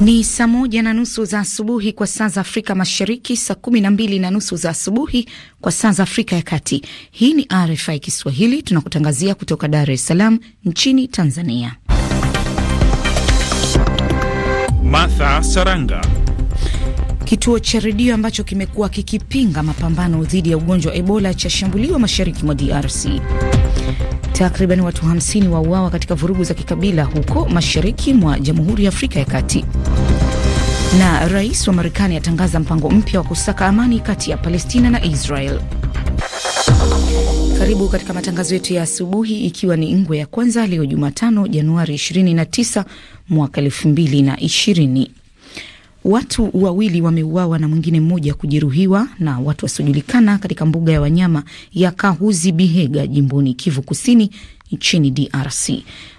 Ni saa moja na nusu za asubuhi kwa saa za Afrika Mashariki, saa kumi na mbili na nusu za asubuhi kwa saa za Afrika ya Kati. Hii ni RFI Kiswahili, tunakutangazia kutoka Dar es Salaam nchini Tanzania. Martha Saranga. Kituo cha redio ambacho kimekuwa kikipinga mapambano dhidi ya ugonjwa wa Ebola cha shambuliwa mashariki mwa DRC. Takriban watu 50 wauawa katika vurugu za kikabila huko mashariki mwa Jamhuri ya Afrika ya Kati. Na rais wa Marekani atangaza mpango mpya wa kusaka amani kati ya Palestina na Israel. Karibu katika matangazo yetu ya asubuhi, ikiwa ni ngwe ya kwanza leo Jumatano Januari 29 mwaka 2020. Watu wawili wameuawa na mwingine mmoja kujeruhiwa na watu wasiojulikana katika mbuga ya wanyama ya Kahuzi Bihega jimboni Kivu Kusini nchini DRC.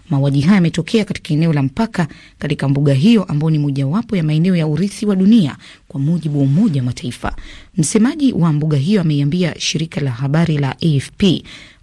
Mauaji haya yametokea katika eneo la mpaka katika mbuga hiyo ambayo ni mojawapo ya maeneo ya urithi wa dunia kwa mujibu wa Umoja wa Mataifa. Msemaji wa mbuga hiyo ameiambia shirika la habari la AFP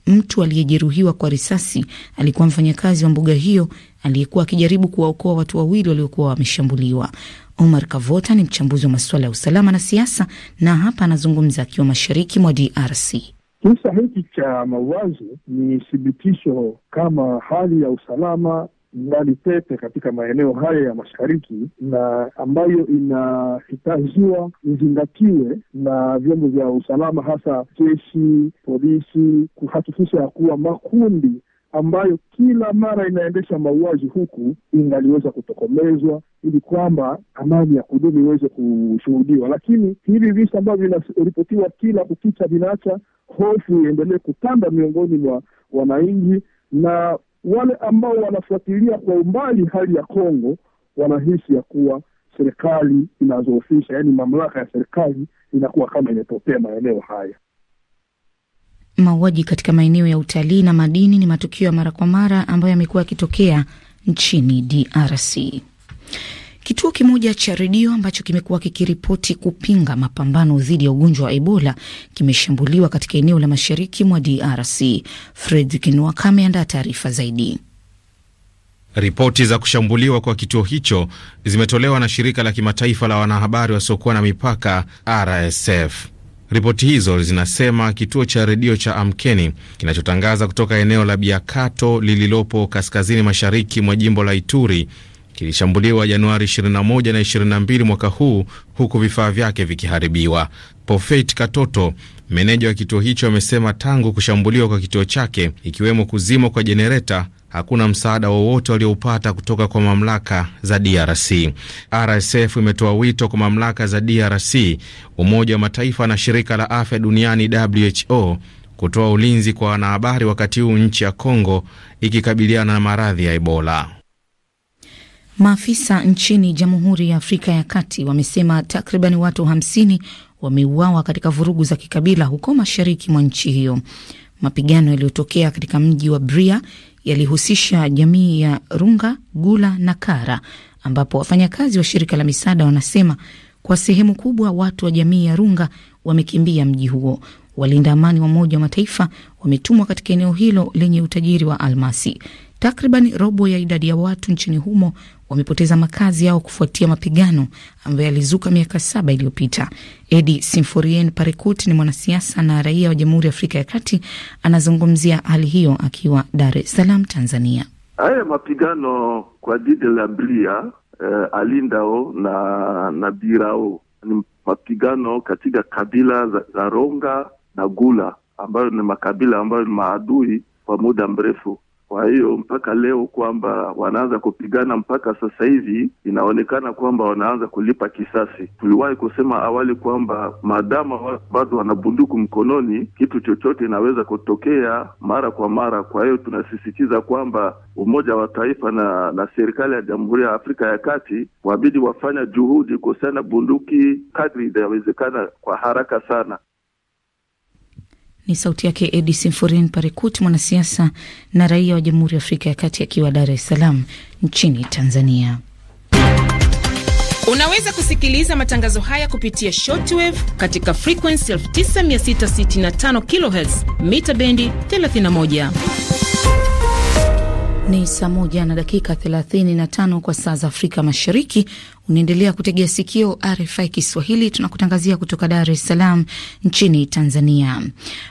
mtu aliyejeruhiwa kwa risasi alikuwa mfanyakazi wa mbuga hiyo aliyekuwa akijaribu kuwaokoa watu wawili waliokuwa wameshambuliwa. Omar Kavota ni mchambuzi wa masuala ya usalama na siasa, na hapa anazungumza akiwa mashariki mwa DRC. Kisa hiki cha mauaji ni thibitisho kama hali ya usalama mbali tete katika maeneo haya ya mashariki na ambayo inahitajiwa izingatiwe na vyombo vya usalama hasa jeshi, polisi kuhakikisha ya kuwa makundi ambayo kila mara inaendesha mauaji huku ingaliweza kutokomezwa ili kwamba amani ya kudumu iweze kushuhudiwa. Lakini hivi visa ambavyo vinaripotiwa kila kukicha vinaacha hofu iendelee kutanda miongoni mwa wananchi, na wale ambao wanafuatilia kwa umbali hali ya Kongo wanahisi ya kuwa serikali inazoofisha, yaani mamlaka ya serikali inakuwa kama imepotea maeneo haya. Mauaji katika maeneo ya utalii na madini ni matukio ya mara kwa mara ambayo yamekuwa yakitokea nchini DRC. Kituo kimoja cha redio ambacho kimekuwa kikiripoti kupinga mapambano dhidi ya ugonjwa wa Ebola kimeshambuliwa katika eneo la mashariki mwa DRC. Fredrick Nwaka ameandaa taarifa zaidi. Ripoti za kushambuliwa kwa kituo hicho zimetolewa na shirika la kimataifa la wanahabari wasiokuwa na mipaka RSF. Ripoti hizo zinasema kituo cha redio cha Amkeni kinachotangaza kutoka eneo la Biakato lililopo kaskazini mashariki mwa jimbo la Ituri kilishambuliwa Januari 21 na 22 mwaka huu huku vifaa vyake vikiharibiwa. pofet Katoto, meneja wa kituo hicho, amesema tangu kushambuliwa kwa kituo chake, ikiwemo kuzimwa kwa jenereta, hakuna msaada wowote walioupata kutoka kwa mamlaka za DRC. RSF imetoa wito kwa mamlaka za DRC, Umoja wa Mataifa na shirika la afya duniani WHO kutoa ulinzi kwa wanahabari wakati huu nchi ya congo ikikabiliana na maradhi ya Ebola. Maafisa nchini Jamhuri ya Afrika ya Kati wamesema takriban watu 50 wameuawa katika vurugu za kikabila huko mashariki mwa nchi hiyo. Mapigano yaliyotokea katika mji wa Bria yalihusisha jamii ya Runga, Gula na Kara, ambapo wafanyakazi wa shirika la misaada wanasema kwa sehemu kubwa watu wa jamii ya Runga wamekimbia mji huo. Walinda amani wa Umoja wa Mataifa wametumwa katika eneo hilo lenye utajiri wa almasi. Takriban robo ya idadi ya watu nchini humo wamepoteza makazi yao kufuatia mapigano ambayo yalizuka miaka saba iliyopita. Edi Simforien Parekut ni mwanasiasa na raia wa Jamhuri ya Afrika ya Kati, anazungumzia hali hiyo akiwa Dar es Salaam, Tanzania. Haya mapigano kwa jiji la Bria eh, Alindao na, Nabirao Birao ni mapigano katika kabila za, za Ronga na Gula ambayo ni makabila ambayo ni maadui kwa muda mrefu kwa hiyo mpaka leo kwamba wanaanza kupigana mpaka sasa hivi inaonekana kwamba wanaanza kulipa kisasi. Tuliwahi kusema awali kwamba maadama bado wana bunduku mkononi, kitu chochote inaweza kutokea mara kwa mara. Kwa hiyo tunasisitiza kwamba Umoja wa Taifa na, na serikali ya Jamhuri ya Afrika ya Kati wabidi wafanya juhudi kuhusiana bunduki kadri inawezekana kwa haraka sana. Ni sauti yake Edi Simforin Parekut, mwanasiasa na raia wa Jamhuri ya Afrika ya Kati, akiwa Dar es Salaam nchini Tanzania. Unaweza kusikiliza matangazo haya kupitia shortwave katika frequency 9665 kHz mita bendi 31. Ni saa moja na dakika 35 kwa saa za Afrika Mashariki. Unaendelea kutegea sikio RFI Kiswahili, tunakutangazia kutoka Dar es Salaam nchini Tanzania.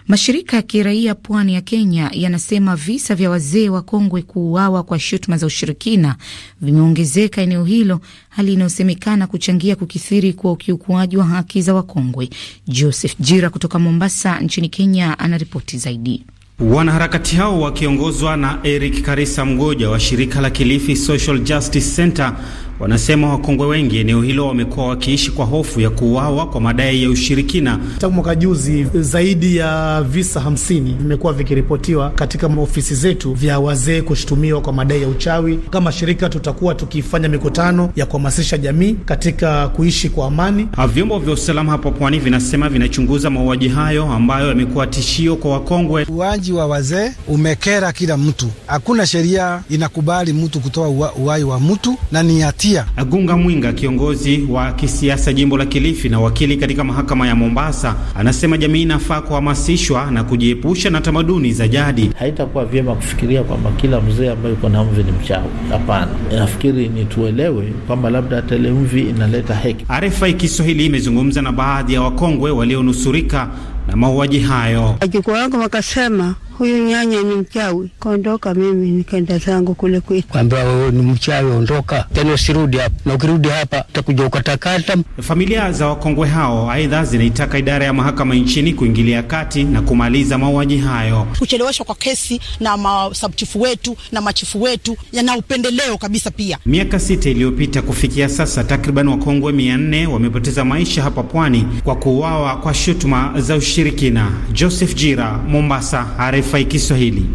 Mashirika ya kiraia pwani ya Kenya yanasema visa vya wazee wa kongwe kuuawa kwa shutuma za ushirikina vimeongezeka eneo hilo, hali inayosemekana kuchangia kukithiri kwa ukiukuaji wa haki za wakongwe. Joseph Jira kutoka Mombasa nchini Kenya anaripoti zaidi. Wanaharakati hao wakiongozwa na Eric Karisa Mgoja wa shirika la Kilifi Social Justice Center Wanasema wakongwe wengi eneo hilo wamekuwa wakiishi kwa hofu ya kuuawa kwa madai ya ushirikina. Tangu mwaka juzi, zaidi ya visa hamsini vimekuwa vikiripotiwa katika ofisi zetu vya wazee kushutumiwa kwa madai ya uchawi. Kama shirika, tutakuwa tukifanya mikutano ya kuhamasisha jamii katika kuishi kwa amani. Vyombo vya usalama hapo pwani vinasema vinachunguza mauaji hayo ambayo yamekuwa tishio kwa wakongwe. uwaji wa wazee umekera kila mtu, hakuna sheria inakubali mtu kutoa uhai wa mtu na ni hati kupitia. Agunga Mwinga, kiongozi wa kisiasa jimbo la Kilifi na wakili katika mahakama ya Mombasa, anasema jamii inafaa kuhamasishwa na kujiepusha na tamaduni za jadi. Haitakuwa vyema kufikiria kwamba kila mzee ambaye uko na mvi ni mchawi. Hapana, nafikiri ni tuelewe kwamba labda tele mvi inaleta heki. RFI Kiswahili imezungumza na baadhi ya wakongwe walionusurika na mauaji hayo. Wajukuu wangu wakasema huyu nyanya ni mchawi, kaondoka. Mimi nikaenda zangu kule kwetu, kwambia wewe ni mchawi, ondoka tena usirudi hapa, na ukirudi hapa utakuja ukatakata. Familia za wakongwe hao aidha zinaitaka idara ya mahakama nchini kuingilia kati na kumaliza mauaji hayo. Kucheleweshwa kwa kesi na masabuchifu wetu na machifu wetu yana upendeleo kabisa. Pia miaka sita iliyopita kufikia sasa, takriban wakongwe mia nne wamepoteza maisha hapa pwani kwa kuuawa kwa shutuma za ushirikina. Joseph Jira, Mombasa, RFI. RFI Kiswahili.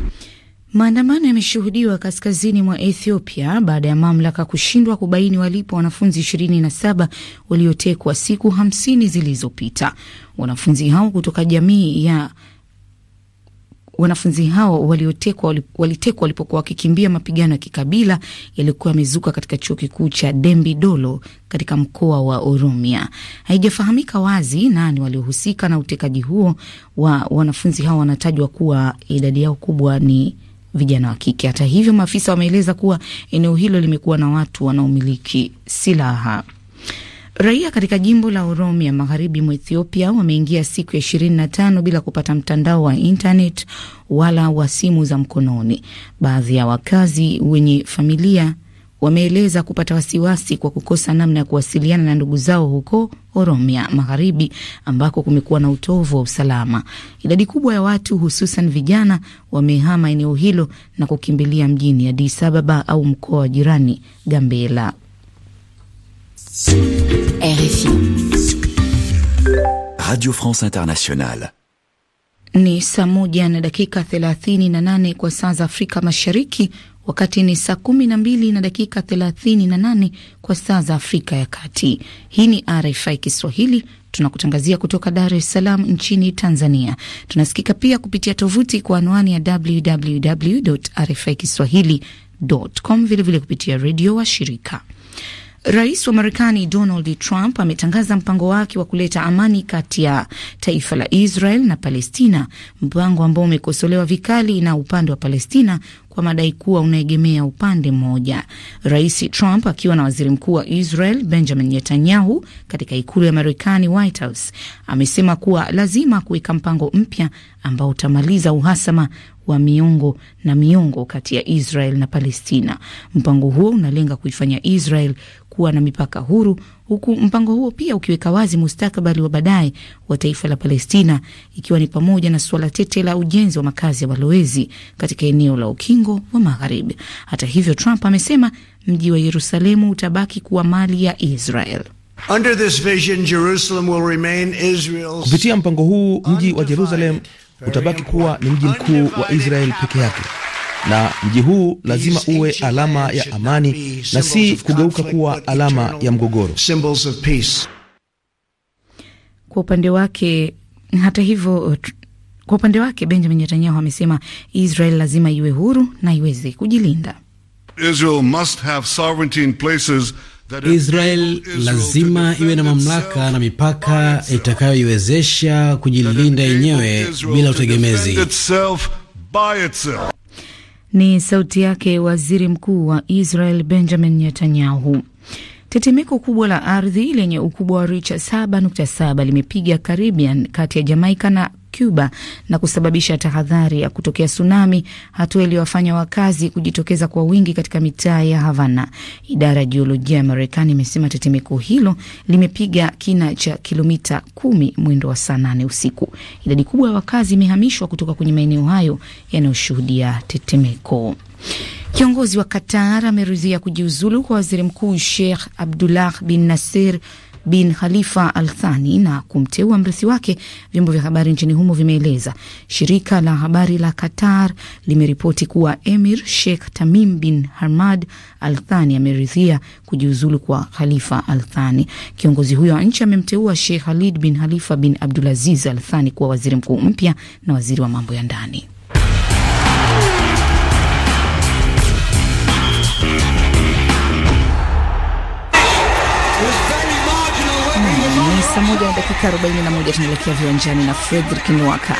Maandamano yameshuhudiwa kaskazini mwa Ethiopia baada ya mamlaka kushindwa kubaini walipo wanafunzi 27 waliotekwa siku 50 zilizopita. Wanafunzi hao kutoka jamii ya Wanafunzi hao waliotekwa walitekwa walipokuwa wakikimbia mapigano ya kikabila yaliyokuwa yamezuka katika chuo kikuu cha Dembi Dolo katika mkoa wa Oromia. Haijafahamika wazi nani waliohusika na utekaji huo wa wanafunzi hao. Wanatajwa kuwa idadi yao kubwa ni vijana wa kike. Hata hivyo, maafisa wameeleza kuwa eneo hilo limekuwa na watu wanaomiliki silaha. Raia katika jimbo la Oromia magharibi mwa Ethiopia wameingia siku ya 25 bila kupata mtandao wa intanet wala wa simu za mkononi. Baadhi ya wakazi wenye familia wameeleza kupata wasiwasi kwa kukosa namna ya kuwasiliana na ndugu zao huko Oromia magharibi ambako kumekuwa na utovu wa usalama. Idadi kubwa ya watu hususan vijana wamehama eneo hilo na kukimbilia mjini Addis Ababa au mkoa wa jirani Gambela. RFI. Radio France Internationale. Ni saa moja na dakika 38 kwa saa za Afrika Mashariki, wakati ni saa 12 na dakika 38 kwa saa za Afrika ya Kati. Hii ni RFI Kiswahili, tunakutangazia kutoka Dar es Salaam nchini Tanzania. Tunasikika pia kupitia tovuti kwa anwani ya www.rfikiswahili.com, vilevile kupitia redio wa shirika Rais wa Marekani Donald Trump ametangaza mpango wake wa kuleta amani kati ya taifa la Israel na Palestina, mpango ambao umekosolewa vikali na upande wa Palestina kwa madai kuwa unaegemea upande mmoja. Rais Trump akiwa na waziri mkuu wa Israel Benjamin Netanyahu katika ikulu ya Marekani, White House, amesema kuwa lazima kuweka mpango mpya ambao utamaliza uhasama wa miungu na miungu kati ya Israel na Palestina. Mpango huo unalenga kuifanya Israel kuwa na mipaka huru, huku mpango huo pia ukiweka wazi mustakabali wa baadaye wa taifa la Palestina, ikiwa ni pamoja na suala tete la ujenzi wa makazi ya walowezi katika eneo la ukingo wa Magharibi. Hata hivyo, Trump amesema mji wa Yerusalemu utabaki kuwa mali ya Israel. Under this vision, Jerusalem will remain Israel's. Kupitia mpango huu mji wa Jerusalem utabaki kuwa ni mji mkuu wa Israel peke yake, na mji huu lazima uwe alama ya amani na si kugeuka kuwa alama ya mgogoro. Kwa upande wake, hata hivyo kwa upande wake Benjamin Netanyahu amesema Israel lazima iwe huru na iweze kujilinda. Israel must have sovereignty in places Israel lazima iwe na mamlaka na mipaka itakayoiwezesha kujilinda yenyewe bila utegemezi. Ni sauti yake Waziri Mkuu wa Israel Benjamin Netanyahu. Tetemeko kubwa la ardhi lenye ukubwa wa richa 7.7 limepiga Caribbean kati ya Jamaika na Cuba na kusababisha tahadhari ya kutokea tsunami, hatua iliyowafanya wakazi kujitokeza kwa wingi katika mitaa ya Havana. Idara ya jiolojia ya Marekani imesema tetemeko hilo limepiga kina cha kilomita kumi mwendo wa saa nane usiku. Idadi kubwa ya wakazi imehamishwa kutoka kwenye maeneo hayo yanayoshuhudia tetemeko. Kiongozi wa Qatar ameridhia kujiuzulu kwa waziri mkuu Sheikh Abdullah bin Nasir bin Khalifa Al Thani na kumteua mrithi wake, vyombo vya habari nchini humo vimeeleza. Shirika la habari la Qatar limeripoti kuwa Emir Sheikh Tamim bin Hamad Al Thani ameridhia kujiuzulu kwa Khalifa Al Thani. Kiongozi huyo wa nchi amemteua Sheikh Khalid bin Khalifa bin Abdulaziz Al Thani kuwa waziri mkuu mpya na waziri wa mambo ya ndani. saa moja na dakika 41 tunaelekea viwanjani na Fredrick Nwaka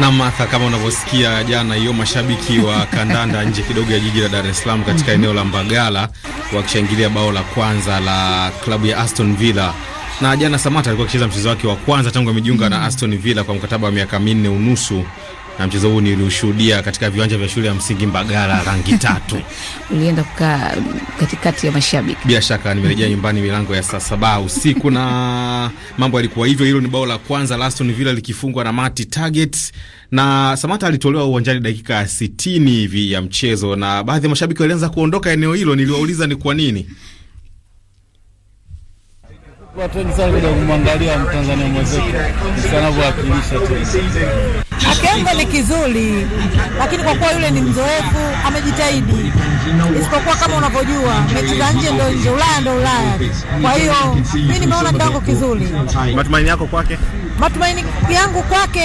na Martha, kama unavyosikia jana hiyo, mashabiki wa kandanda nje kidogo ya jiji la Dar es Salaam katika mhm. eneo la Mbagala wakishangilia bao la kwanza la klabu ya Aston Villa na jana Samata alikuwa akicheza mchezo wake wa kwanza tangu amejiunga na mhm. Aston Villa kwa mkataba wa miaka minne unusu na mchezo huu niliushuhudia katika viwanja vya shule ya msingi Mbagala rangi tatu. Ulienda kukaa katikati ya mashabiki. Bila shaka nimerejea nyumbani milango ya saa saba usiku na mambo yalikuwa hivyo. Hilo ni bao la kwanza la Aston Villa likifungwa na Mati Target na Samata alitolewa uwanjani dakika ya sitini hivi ya mchezo, na baadhi ya mashabiki walianza kuondoka eneo hilo. Niliwauliza ni kwa nini Watu wengi sana kuja kumwangalia Mtanzania mwenzetu jinsi anavyowakilisha Akianza ni kizuri, lakini kwa kuwa yule ni mzoefu amejitahidi, isipokuwa kama unavyojua mechi za nje ndo nje, Ulaya ndo Ulaya. Kwa hiyo mi nimeona kiwango kizuri. Matumaini yako kwake? Matumaini yangu kwake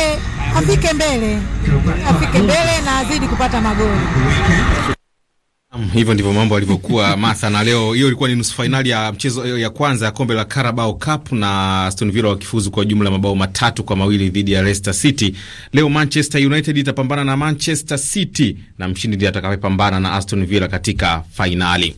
afike mbele, afike mbele na azidi kupata magoli. Hivyo ndivyo mambo alivyokuwa Martha, na leo hiyo ilikuwa ni nusu fainali ya mchezo ya kwanza ya kombe la Carabao Cup na Aston Villa wakifuzu kwa jumla mabao matatu kwa mawili dhidi ya Leicester City. Leo Manchester United itapambana na Manchester City na mshindi ndiye atakayepambana na Aston Villa katika fainali.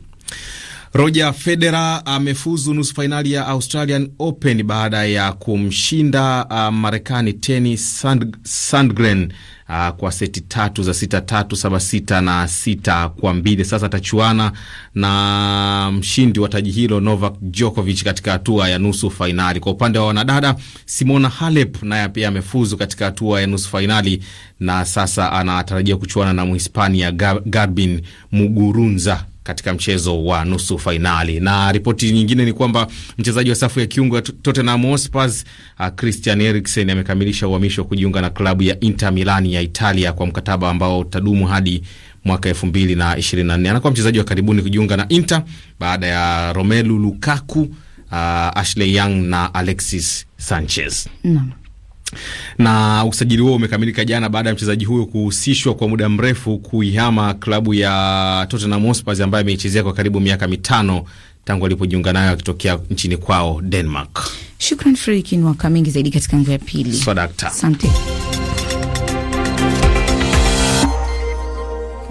Roger Federer amefuzu nusu fainali ya Australian Open baada ya kumshinda uh, Marekani Teny Sand, Sandgren uh, kwa seti tatu za sita tatu saba sita na sita kwa mbili. Sasa atachuana na mshindi wa taji hilo Novak Djokovic katika hatua ya nusu fainali. Kwa upande wa wanadada, Simona Halep naye pia amefuzu katika hatua ya nusu fainali na sasa anatarajia kuchuana na Mhispania Garbin Muguruza katika mchezo wa nusu fainali. Na ripoti nyingine ni kwamba mchezaji wa safu ya kiungo ya Tottenham Hotspur uh, Christian Eriksen amekamilisha uhamisho wa kujiunga na klabu ya Inter Milani ya Italia kwa mkataba ambao utadumu hadi mwaka elfu mbili na ishirini na nne. Anakuwa mchezaji wa karibuni kujiunga na Inter baada ya Romelu Lukaku, uh, Ashley Young na Alexis Sanchez. Naam na usajili huo umekamilika jana baada ya mchezaji huyo kuhusishwa kwa muda mrefu kuihama klabu ya Tottenham Hotspur ambayo ameichezea kwa karibu miaka mitano tangu alipojiunga nayo akitokea nchini kwao Denmark. Shukran Frikin, waka mingi zaidi katika nguo ya pili. Swadakta, asante.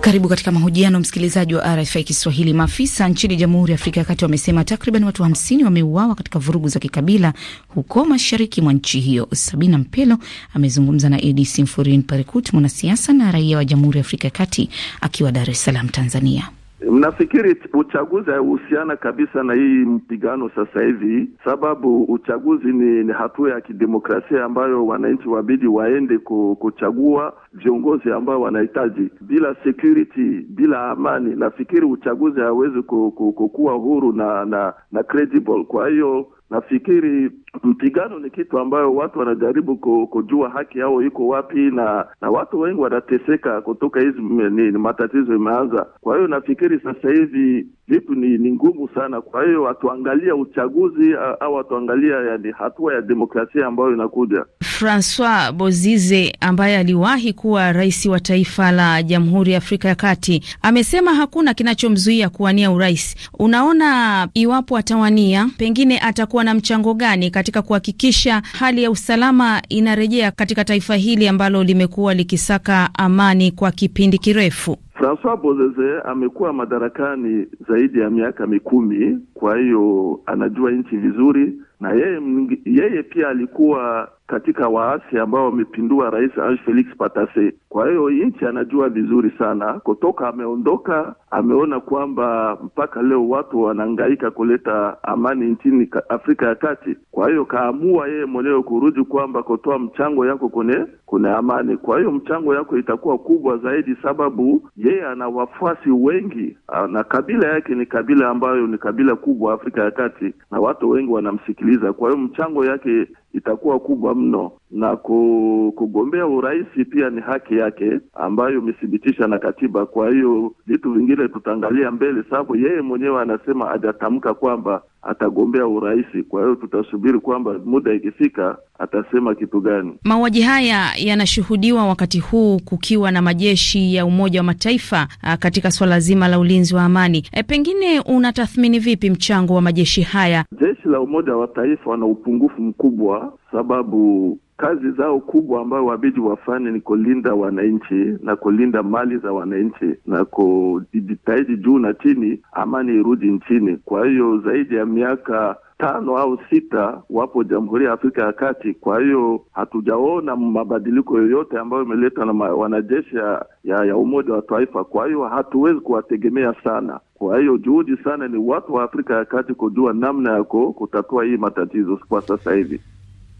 Karibu katika mahojiano, msikilizaji wa RFI Kiswahili. Maafisa nchini Jamhuri ya Afrika ya Kati wamesema takriban watu 50 wameuawa katika vurugu za kikabila huko mashariki mwa nchi hiyo. Sabina Mpelo amezungumza na Edith simforin Parekut, mwanasiasa na raia wa Jamhuri ya Afrika ya Kati, akiwa Dar es Salaam, Tanzania. Mnafikiri uchaguzi hauhusiana kabisa na hii mpigano sasa hivi, sababu uchaguzi ni, ni hatua ya kidemokrasia ambayo wananchi wabidi waende kuchagua viongozi ambao wanahitaji. Bila security, bila amani, nafikiri uchaguzi hawezi kukuwa huru na na, na credible. Kwa hiyo nafikiri mpigano ni kitu ambayo watu wanajaribu kujua haki yao iko wapi, na na watu wengi wanateseka kutoka hizi ni, ni matatizo imeanza. Kwa hiyo nafikiri sasa hivi vitu ni, ni ngumu sana. Kwa hiyo hatuangalia uchaguzi au hatuangalia yani hatua ya demokrasia ambayo inakuja. Francois Bozize ambaye aliwahi kuwa rais wa taifa la Jamhuri ya Afrika ya Kati amesema hakuna kinachomzuia kuwania urais. Unaona, iwapo atawania, pengine atakuwa na mchango gani? katika kuhakikisha hali ya usalama inarejea katika taifa hili ambalo limekuwa likisaka amani kwa kipindi kirefu. Francois Bozeze amekuwa madarakani zaidi ya miaka mikumi, kwa hiyo anajua nchi vizuri, na yeye yeye pia alikuwa katika waasi ambao wamepindua Rais Ange Felix patase Kwa hiyo nchi anajua vizuri sana, kutoka ameondoka ameona kwamba mpaka leo watu wanaangaika kuleta amani nchini Afrika ya Kati. Kwa hiyo kaamua yeye mwenyewe kurudi kwamba kutoa mchango yako kune kune amani. Kwa hiyo mchango yako itakuwa kubwa zaidi, sababu ye yeye ana wafuasi wengi ah, na kabila yake ni kabila ambayo ni kabila kubwa Afrika ya Kati, na watu wengi wanamsikiliza. Kwa hiyo mchango yake itakuwa kubwa mno na kugombea urais pia ni haki yake ambayo imethibitisha na katiba. Kwa hiyo vitu vingine tutaangalia mbele, sababu yeye mwenyewe anasema hajatamka kwamba atagombea urais. Kwa hiyo tutasubiri kwamba muda ikifika atasema kitu gani. Mauaji haya yanashuhudiwa wakati huu kukiwa na majeshi ya Umoja wa Mataifa katika swala zima la ulinzi wa amani. E, pengine unatathmini vipi mchango wa majeshi haya? Jeshi la Umoja wa Mataifa wana upungufu mkubwa sababu kazi zao kubwa ambayo wabidi wafanye ni kulinda wananchi na kulinda mali za wananchi na kujitahidi juu na chini amani irudi nchini. Kwa hiyo zaidi ya miaka tano au sita wapo Jamhuri ya Afrika ya Kati. Kwa hiyo hatujaona mabadiliko yoyote ambayo imeletwa na wanajeshi ya, ya Umoja wa Taifa. Kwa hiyo hatuwezi kuwategemea sana. Kwa hiyo juhudi sana ni watu wa Afrika ya Kati kujua namna ya kutatua hii matatizo kwa sasa hivi.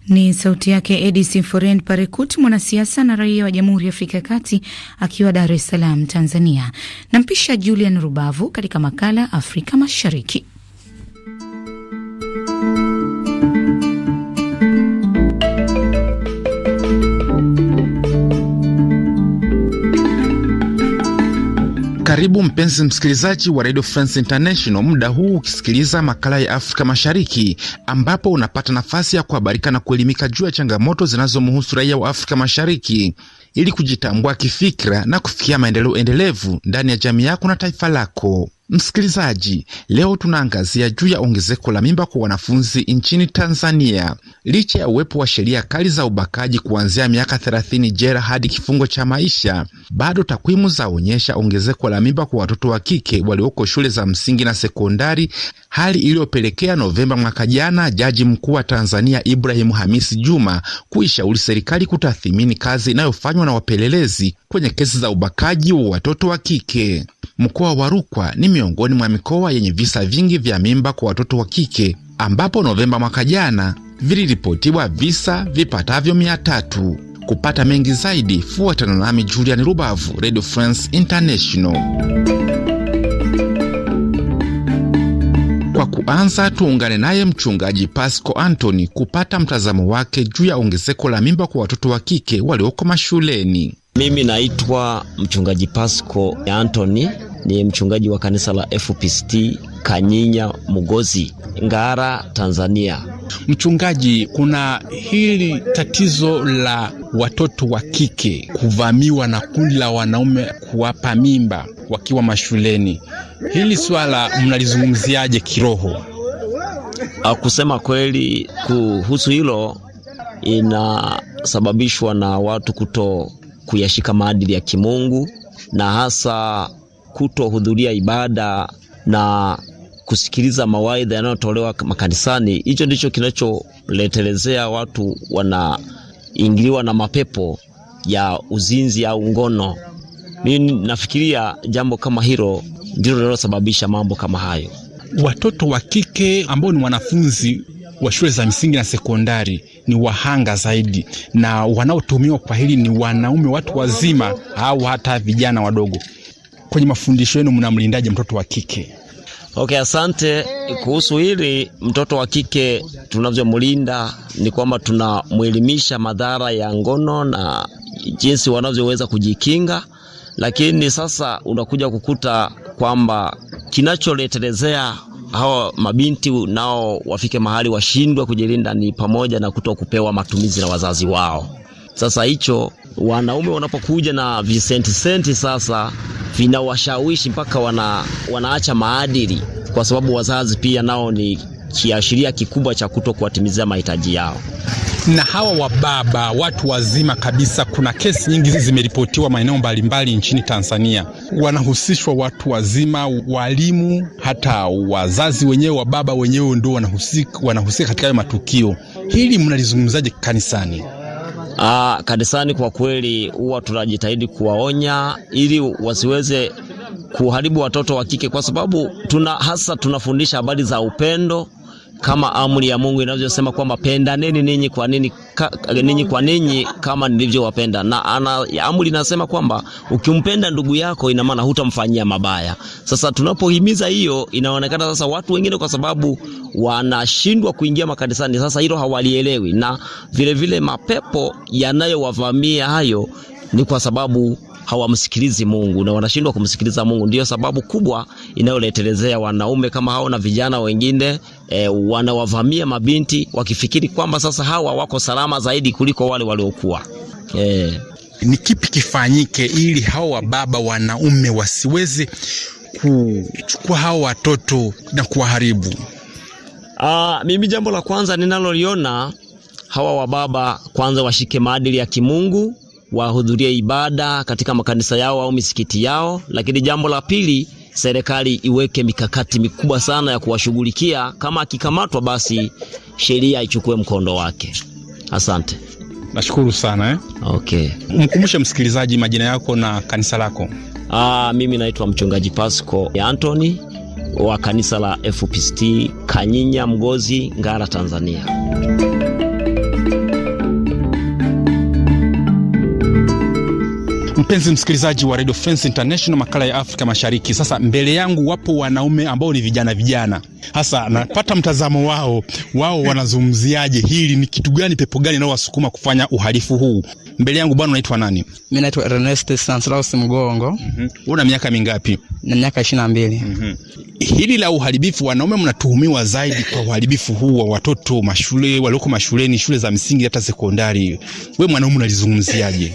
Ni sauti yake edis Foren Parekut, mwanasiasa na raia wa Jamhuri ya Afrika ya Kati, akiwa Dar es Salaam, Tanzania. Nampisha Julian Rubavu katika makala Afrika Mashariki. Karibu mpenzi msikilizaji wa Radio France International, muda huu ukisikiliza makala ya Afrika Mashariki, ambapo unapata nafasi ya kuhabarika na kuelimika juu ya changamoto zinazomhusu raia wa Afrika Mashariki ili kujitambua kifikra na kufikia maendeleo endelevu ndani ya jamii yako na taifa lako. Msikilizaji, leo tunaangazia juu ya ongezeko la mimba kwa wanafunzi nchini Tanzania. Licha ya uwepo wa sheria kali za ubakaji kuanzia miaka 30 jela hadi kifungo cha maisha, bado takwimu zaonyesha ongezeko la mimba kwa watoto wa kike walioko shule za msingi na sekondari, hali iliyopelekea Novemba mwaka jana Jaji Mkuu wa Tanzania Ibrahimu Hamisi Juma kuishauri serikali kutathimini kazi inayofanywa na wapelelezi kwenye kesi za ubakaji wa watoto wa kike. Mkoa wa Rukwa ni miongoni mwa mikoa yenye visa vingi vya mimba kwa watoto wa kike ambapo Novemba mwaka jana viliripotiwa visa vipatavyo mia tatu. Kupata mengi zaidi, fuatana nami Julian Rubavu, Radio France International. Kwa kuanza tuungane naye mchungaji Pasco Anthony kupata mtazamo wake juu ya ongezeko la mimba kwa watoto wa kike walioko mashuleni. Mimi naitwa mchungaji Pasco Anthony ni mchungaji wa kanisa la FPCT Kanyinya Mugozi, Ngara, Tanzania. Mchungaji, kuna hili tatizo la watoto wa kike kuvamiwa na kundi la wanaume kuwapa mimba wakiwa mashuleni. Hili swala mnalizungumziaje kiroho? Ah, kusema kweli, kuhusu hilo inasababishwa na watu kuto kuyashika maadili ya kimungu na hasa kutohudhuria ibada na kusikiliza mawaidha yanayotolewa makanisani, hicho ndicho kinacholetelezea watu wanaingiliwa na mapepo ya uzinzi au ngono. Mimi nafikiria jambo kama hilo ndilo linalosababisha mambo kama hayo. Watoto wa kike ambao ni wanafunzi wa shule za msingi na sekondari ni wahanga zaidi, na wanaotumiwa kwa hili ni wanaume, watu wazima au hata vijana wadogo kwenye mafundisho yenu mnamlindaje mtoto wa kike? Okay, asante. Kuhusu hili mtoto wa kike tunavyomlinda ni kwamba tunamwelimisha madhara ya ngono na jinsi wanavyoweza kujikinga, lakini sasa unakuja kukuta kwamba kinacholetelezea hawa mabinti nao wafike mahali washindwe kujilinda ni pamoja na kuto kupewa matumizi na wazazi wao. Sasa hicho wanaume wanapokuja na visentisenti sasa vinawashawishi mpaka wana, wanaacha maadili, kwa sababu wazazi pia nao ni kiashiria kikubwa cha kuto kuwatimizia mahitaji yao. Na hawa wababa watu wazima kabisa, kuna kesi nyingi zimeripotiwa maeneo mbalimbali nchini Tanzania, wanahusishwa watu wazima, walimu, hata wazazi wenyewe, wababa wenyewe ndio wanahusika, wanahusika katika hayo matukio. Hili mnalizungumzaje kanisani? Aa, ah, kanisani kwa kweli huwa tunajitahidi kuwaonya ili wasiweze kuharibu watoto wa kike, kwa sababu tuna hasa tunafundisha habari za upendo kama amri ya Mungu inavyosema kwamba pendaneni ninyi kwa ninyi ka, ninyi kwa ninyi kama nilivyowapenda. Na ana, amri inasema kwamba ukimpenda ndugu yako ina maana hutamfanyia mabaya. Sasa tunapohimiza hiyo, inaonekana sasa watu wengine kwa sababu wanashindwa kuingia makanisani, sasa hilo hawalielewi, na vilevile vile mapepo yanayowavamia hayo ni kwa sababu hawamsikilizi Mungu na wanashindwa kumsikiliza Mungu. Ndiyo sababu kubwa inayoletelezea wanaume kama hao na vijana wengine e, wanawavamia mabinti wakifikiri kwamba sasa hawa wako salama zaidi kuliko wale waliokuwa e. Ni kipi kifanyike ili hawa baba wanaume wasiweze kuchukua hawa watoto na kuwaharibu? Aa, ah, mimi jambo la kwanza ninaloliona hawa wababa kwanza washike maadili ya kimungu wahudhurie ibada katika makanisa yao au misikiti yao. Lakini jambo la pili, serikali iweke mikakati mikubwa sana ya kuwashughulikia. Kama akikamatwa, basi sheria ichukue mkondo wake. Asante. Nashukuru sana eh. Okay. Mkumbushe msikilizaji majina yako na kanisa lako. Aa, ah, mimi naitwa mchungaji Pasco Anthony wa kanisa la FPCT Kanyinya Mgozi, Ngara, Tanzania. Mpenzi msikilizaji wa Radio France International, makala ya Afrika Mashariki. Sasa mbele yangu wapo wanaume ambao ni vijana vijana, hasa napata mtazamo wao, wao wanazungumziaje hili, ni kitu gani, pepo gani inayowasukuma kufanya uhalifu huu? Mbele yangu bwana, unaitwa nani? Mimi naitwa Ernest Sanslaus Mgongo. mm -hmm. Una miaka mingapi? Na miaka ishirini mbili. mm -hmm. Hili la uharibifu, wanaume mnatuhumiwa zaidi kwa uharibifu huu wa watoto mashule, walioko mashuleni, shule za msingi hata sekondari. We mwanaume unalizungumziaje?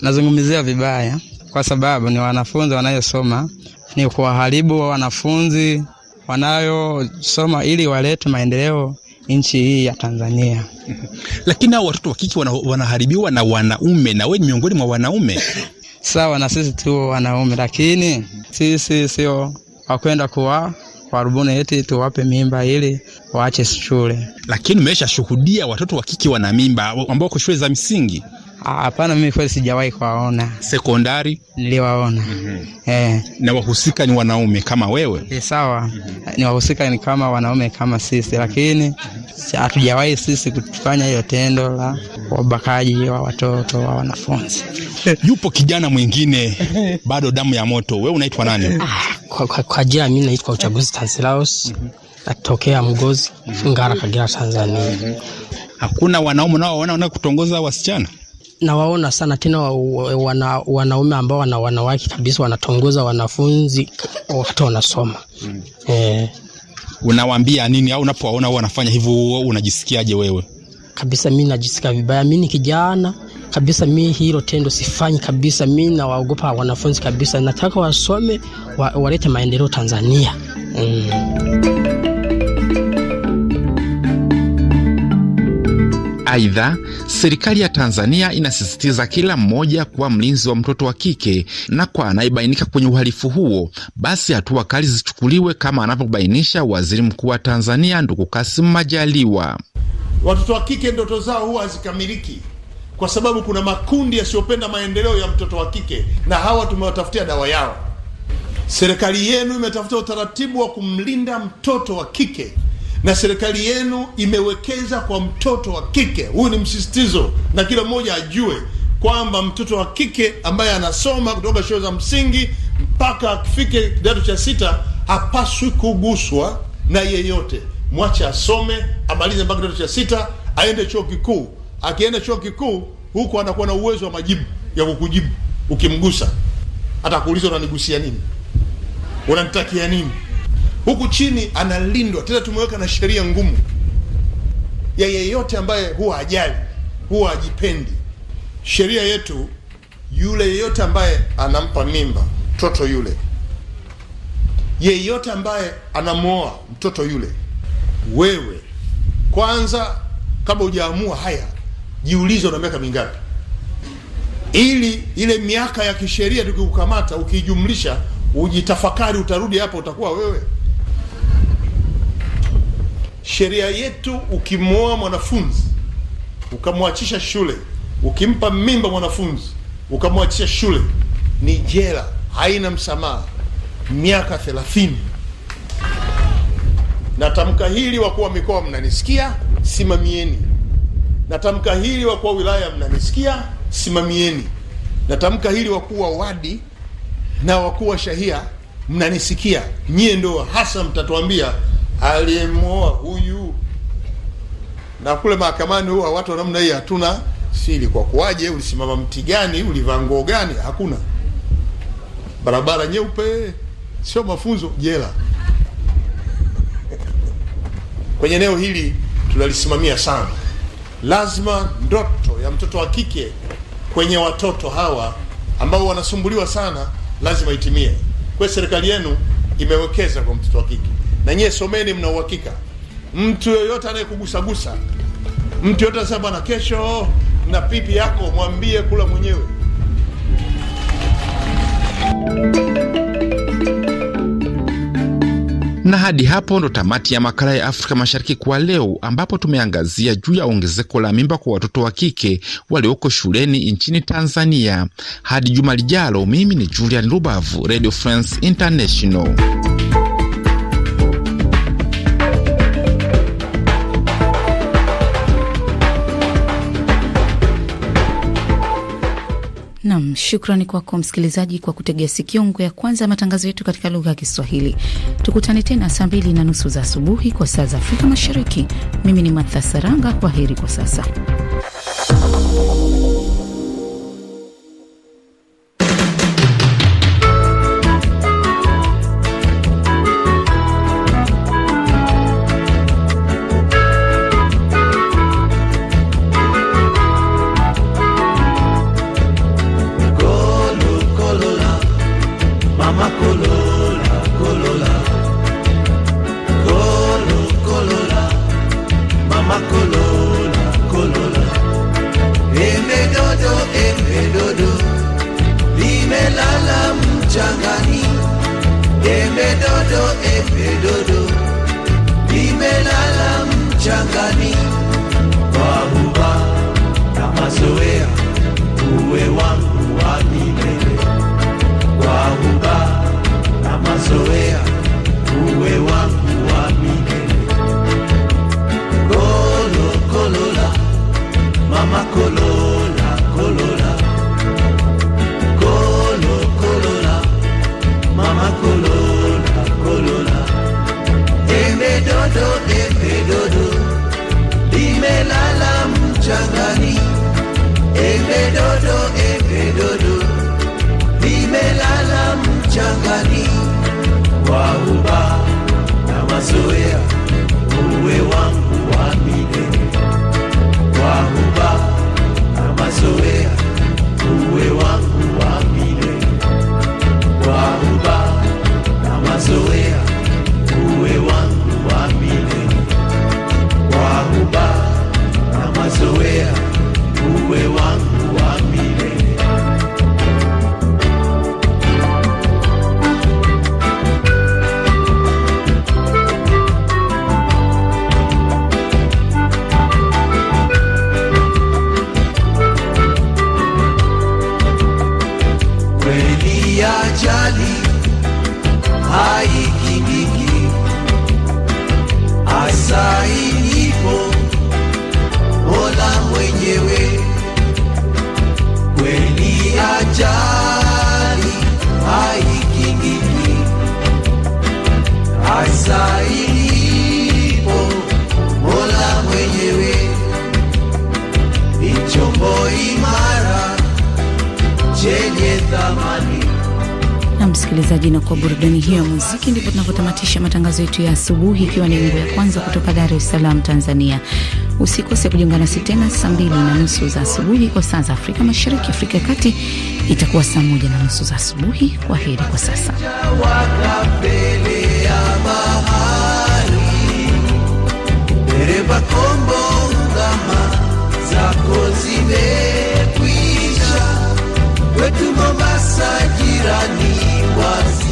nazungumzia vibaya, kwa sababu ni wanafunzi wanayosoma, ni kuwaharibu wa wanafunzi wanayosoma ili walete maendeleo nchi hii ya Tanzania. Lakini hao watoto wa wanaharibiwa na wanaume, na wewe ni miongoni mwa wanaume sawa na sisi tu wanaume, lakini sisi sio wakwenda kuwa warubuni eti tuwape mimba ili waache shule. Lakini umesha shuhudia watoto wa wana mimba ambao ko shule za msingi. Ah, hapana, mimi kweli sijawahi kuwaona. Sekondari niliwaona. mm -hmm. Eh, na wahusika ni wanaume kama wewe? E, sawa. mm -hmm. Ni wahusika ni kama wanaume kama sisi, lakini hatujawahi sisi kufanya hiyo tendo la wabakaji wa watoto wa wanafunzi. Yupo kijana mwingine bado damu ya moto, wewe unaitwa nani? Ah, kwa, kwa, kwa jina mimi naitwa Uchaguzi Tansilaus. mm -hmm. Natokea Mgozi, Ngara, Kagera, Tanzania. mm -hmm. Hakuna wanaume nao wanaona kutongoza wasichana? nawaona sana tena wana, wanaume ambao wana wanawake kabisa wanatongoza wanafunzi wakati wanasoma mm. eh. Unawaambia nini au unapowaona wanafanya hivyo unajisikiaje wewe? Kabisa mi najisikia vibaya, mi ni kijana kabisa, mi hilo tendo sifanyi kabisa. Mi nawaogopa wanafunzi kabisa, nataka wasome wa, walete maendeleo Tanzania mm. Aidha, serikali ya Tanzania inasisitiza kila mmoja kuwa mlinzi wa mtoto wa kike, na kwa anayebainika kwenye uhalifu huo, basi hatua kali zichukuliwe kama anavyobainisha Waziri Mkuu wa Tanzania Ndugu Kassim Majaliwa. Watoto wa kike ndoto zao huwa hazikamiliki kwa sababu kuna makundi yasiyopenda maendeleo ya mtoto wa kike, na hawa tumewatafutia dawa yao. Serikali yenu imetafuta utaratibu wa kumlinda mtoto wa kike na serikali yenu imewekeza kwa mtoto wa kike. huyu ni msisitizo, na kila mmoja ajue kwamba mtoto wa kike ambaye anasoma kutoka shule za msingi mpaka akifike kidato cha sita hapaswi kuguswa na yeyote. Mwache asome amalize mpaka kidato cha sita, aende chuo kikuu. Akienda chuo kikuu, huku anakuwa na uwezo wa majibu ya kukujibu. Ukimgusa atakuuliza unanigusia nini, unanitakia nini? huku chini analindwa, tena tumeweka na sheria ngumu ya yeyote ambaye huwa ajali huwa ajipendi. Sheria yetu, yule yeyote ambaye anampa mimba mtoto yule, yeyote ambaye anamwoa mtoto yule, wewe kwanza, kabla hujaamua haya, jiulize una miaka mingapi, ili ile miaka ya kisheria tukikukamata, ukiijumlisha, ujitafakari, utarudi hapo, utakuwa wewe Sheria yetu ukimwoa mwanafunzi ukamwachisha shule, ukimpa mimba mwanafunzi ukamwachisha shule, ni jela, haina msamaha, miaka thelathini. Na tamka hili, wakuu wa mikoa mnanisikia, simamieni. Na tamka hili, wakuu wa wilaya mnanisikia, simamieni. Na tamka hili, wakuu wa wadi na wakuu wa shahia mnanisikia, nyie ndo hasa mtatuambia aliyemoa huyu. Na kule mahakamani huwa watu wa namna hii hatuna siri, kwa kuwaje, ulisimama mti gani, ulivaa nguo gani, hakuna. Barabara nyeupe, sio mafunzo, jela. Kwenye eneo hili tunalisimamia sana. Lazima ndoto ya mtoto wa kike kwenye watoto hawa ambao wanasumbuliwa sana lazima itimie. Kwa serikali yenu imewekeza kwa mtoto wa kike na nyie someni, mna uhakika. Mtu yoyote anayekugusagusa, mtu yoyote anasema bwana, kesho na pipi yako, mwambie kula mwenyewe. Na hadi hapo ndo tamati ya makala ya Afrika Mashariki kwa leo, ambapo tumeangazia juu ya ongezeko la mimba kwa watoto wa kike walioko shuleni nchini Tanzania. Hadi juma lijalo, mimi ni Julian Rubavu, Radio France International. Nam, shukrani kwako msikilizaji kwa kutegea sikio ngo ya kwanza ya matangazo yetu katika lugha ya Kiswahili. Tukutane tena saa mbili na nusu za asubuhi kwa saa za Afrika Mashariki. Mimi ni Matha Saranga, kwa heri kwa sasa. baby. msikilizaji, na kwa burudani hiyo ya muziki ndipo tunapotamatisha matangazo yetu ya asubuhi, ikiwa ni ngo ya kwanza kutoka Dar es Salaam, Tanzania. Usikose kujiunga nasi tena saa mbili na nusu za asubuhi kwa saa za Afrika Mashariki. Afrika ya Kati itakuwa saa moja na nusu za asubuhi. Kwa heri kwa sasa. rasa jirani wasi